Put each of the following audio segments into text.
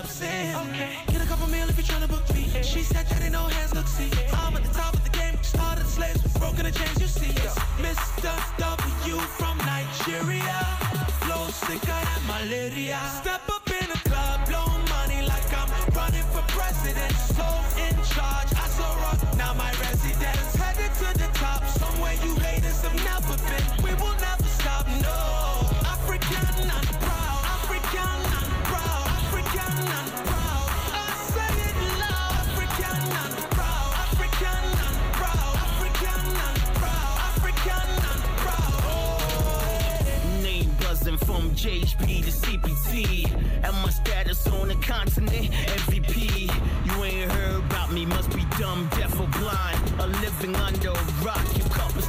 clubs in. Okay. Get a couple meal if you're trying to book me. Yeah. She said that ain't no hands, look, see. Yeah. I'm at the top of the game, started the slaves, broken the chains, you see. Yo. Mr. W from Nigeria. Blow sicker than malaria. Step up in the club, blow money like I'm running for president. So in charge, I saw rock, now my residence. JHP to CPT. And my status on the continent, MVP. You ain't heard about me, must be dumb, deaf, or blind. a living under a rock, you coppers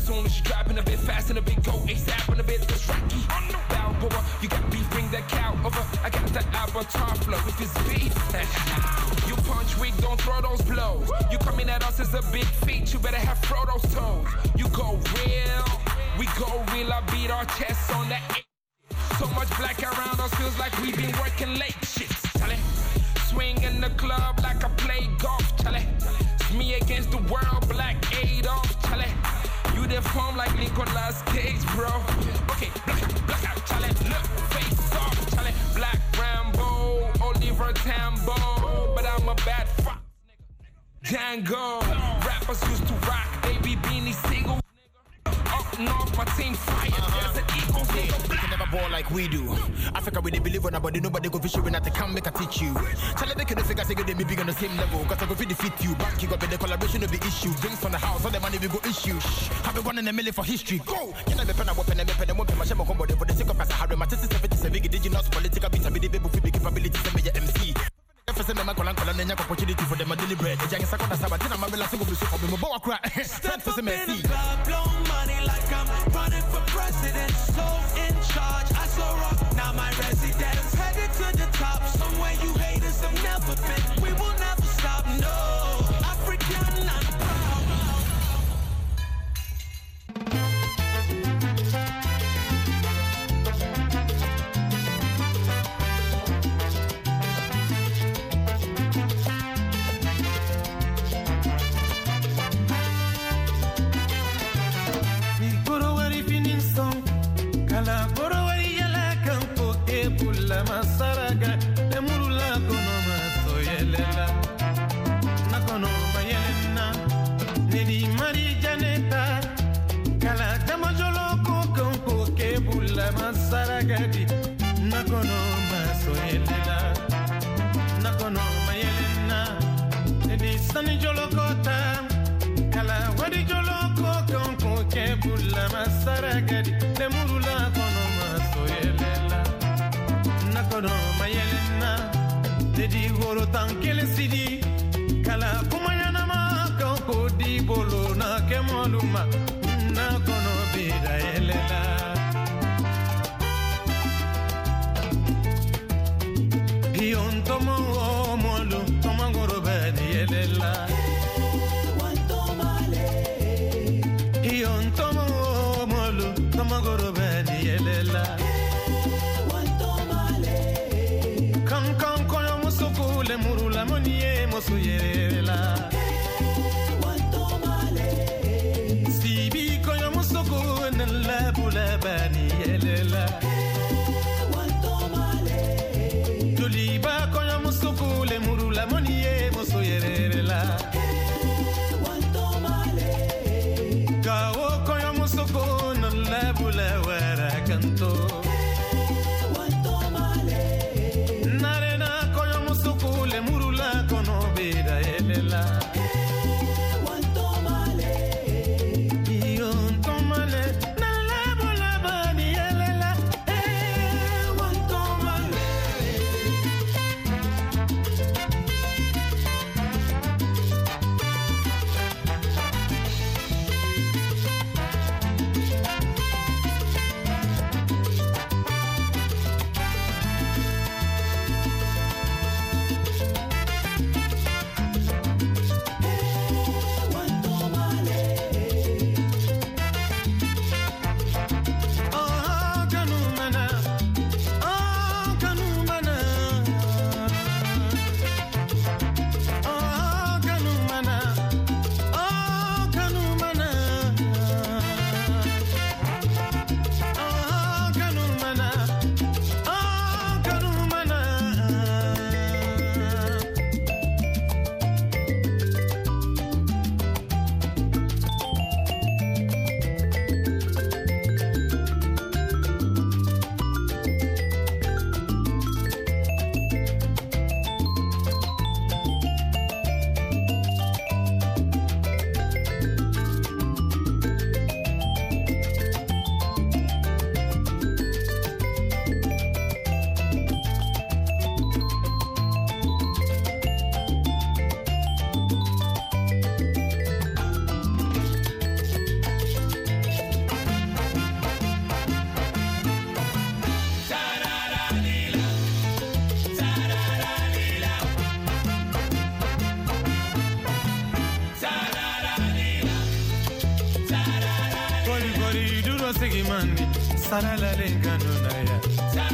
as soon as you driving a bit fast and a bit go ASAP and a bit less rocky. I'm Balboa, you got beef, bring that cow over. I got that avatar flow with this beat. you punch weak, don't throw those blows. You coming at us as a big feat, you better have Frodo's toes. You go real, we go real. I beat our chests on that. Eight. So much black around us feels like we've been working late. Shit, tell it. Swing in the club like I play golf, tell it. It's me against the world, black Adolf, tell it they form like Nicolas Cage, bro. Okay, black, black out, challenge, look, face off, challenge, black Rambo, Oliver Tambo, but I'm a bad fox, nigga. Django, rappers used to rock, baby beanie single north but same fire. Uh-huh. There's an equal yeah. They can never ball like we do. Africa we they believe on nobody, nobody go fish when I come make a teach you. Charlie they can figure say they be big on the same level. Cause I go defeat you. Bank you got the collaboration will be issue. Drinks on the house, all the money we go issue. Shh. Have been one in a million for history. Go! Can I be pen a weapon and me pen and won't my shame combo for the sake of Sahara. My sister 77 indigenous political beats and be the baby for big capabilities and be MC. fɛsɛ mɛma kɔla nkɔla na nya kɔ a deliberate agya nsa kɔda saba tena mabɛla sɛ gɔbɛsu kɔ bɛmɔbɔ wakora stand fɛsɛ mɛsi president, so in charge. I saw rock saregedi temuru paralale ngano na ya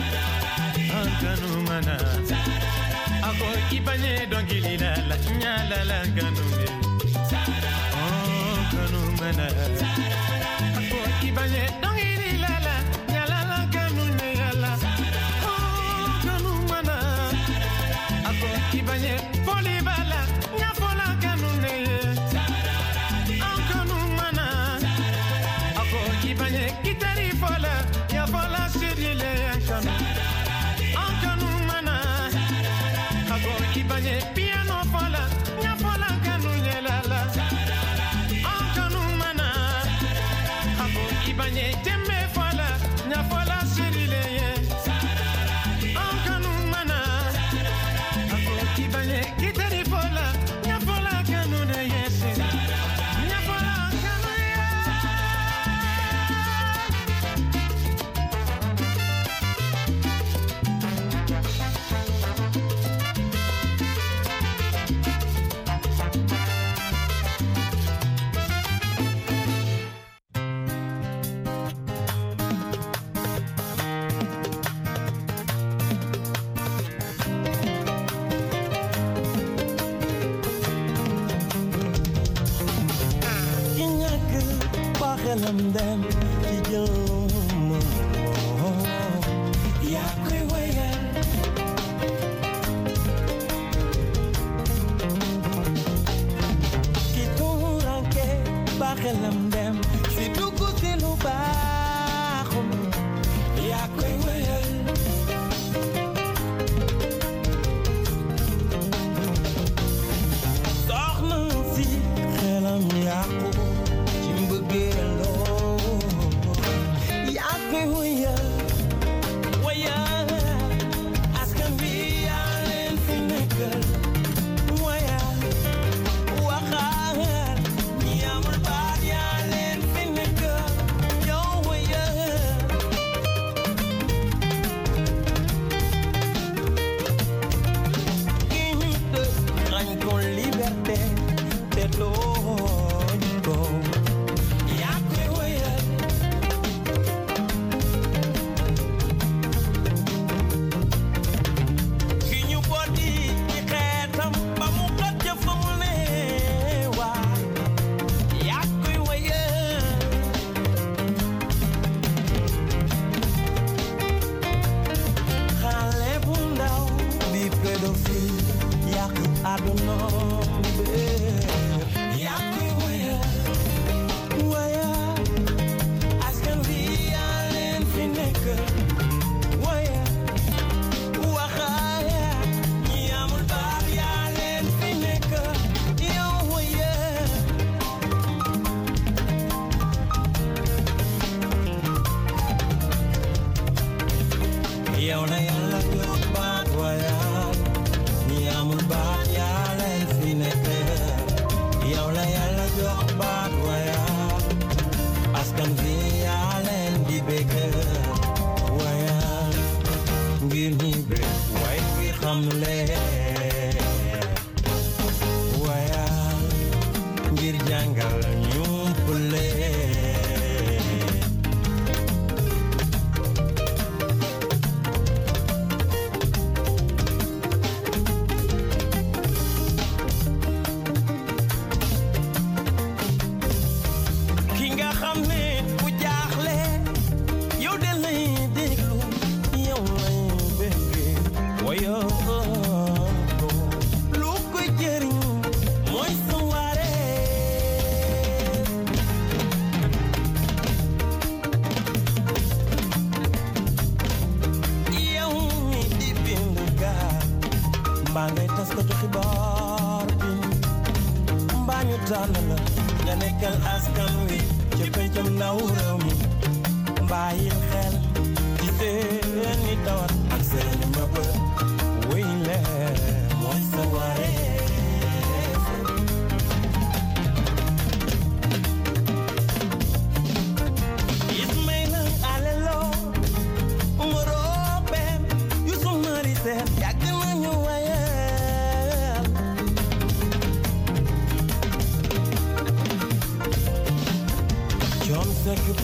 ngano mana ako ipanye dongili la la nyala la ngano me ngano mana ako ipanye dongili la and then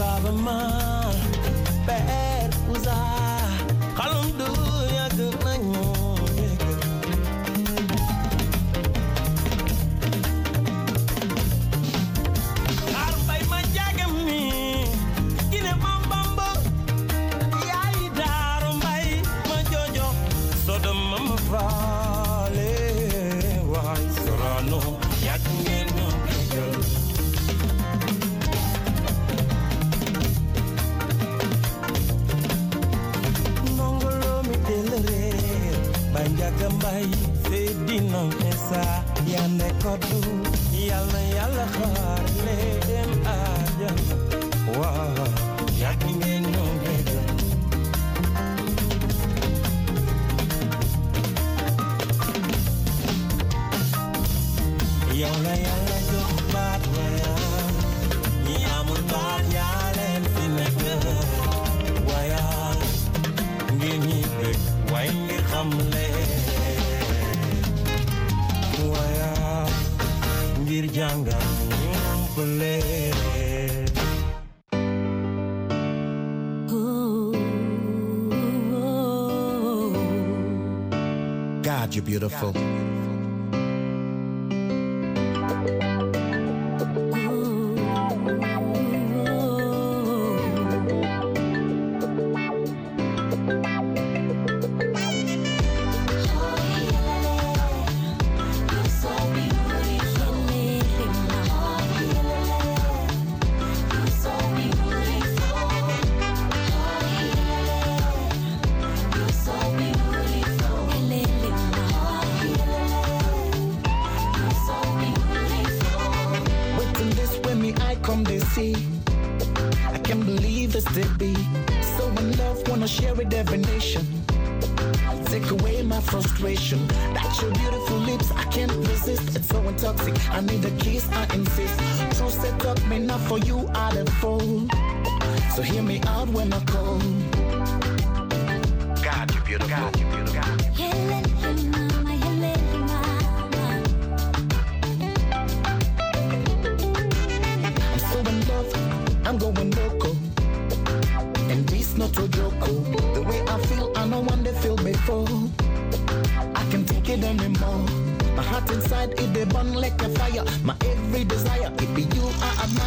of a mind. beautiful. I can't believe this to be. So in love, wanna share with every nation. Take away my frustration. That your beautiful lips, I can't resist. It's so intoxicating. I need a kiss, I insist. True set up me not for you, I the fool. So hear me out when I call. God, you beautiful. God, you beautiful.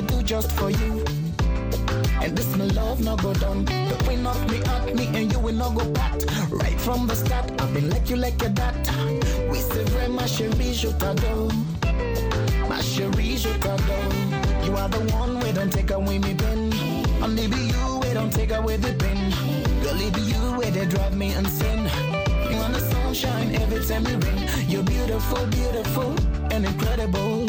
they do just for you. And this my love no go done. The queen of me at me and you will not go back. Right from the start, I've been like you like a dat. We say very ma chérie, je t'adore. Ma chérie, je t'adore. You are the one we don't take away me pen. Only be you we don't take away the pen. Girl, it be you where they drive me insane. You want the sunshine every time you rain. You're beautiful, beautiful and incredible.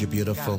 you're beautiful.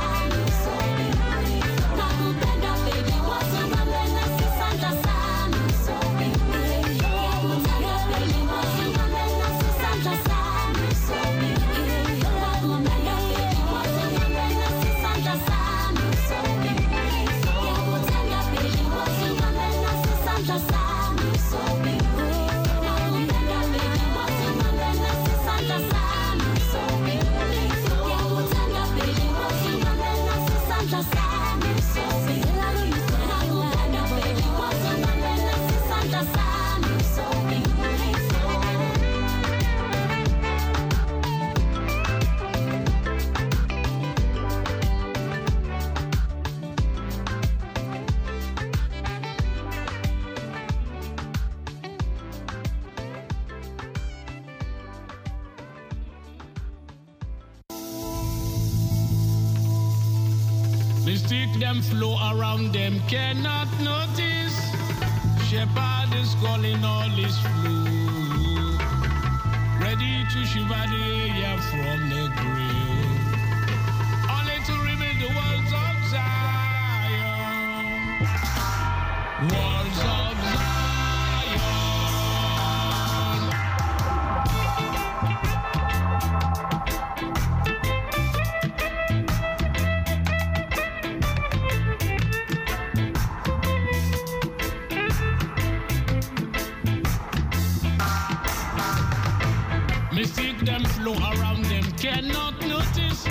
cannot notice. Shepherd is calling all his flock. Ready to shiver the air from the grave. Only to rebuild the walls of Zion. One. shadow around them cannot notice.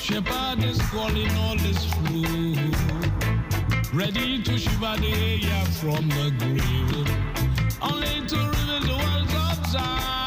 Shepherd is calling all his flock. Ready to shiver the air from the grave. Only to reveal the world's observe.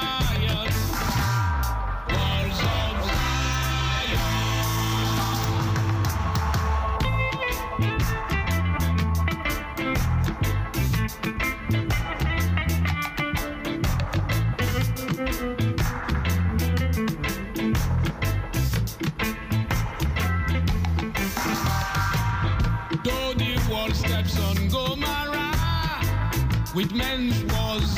with men's was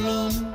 me.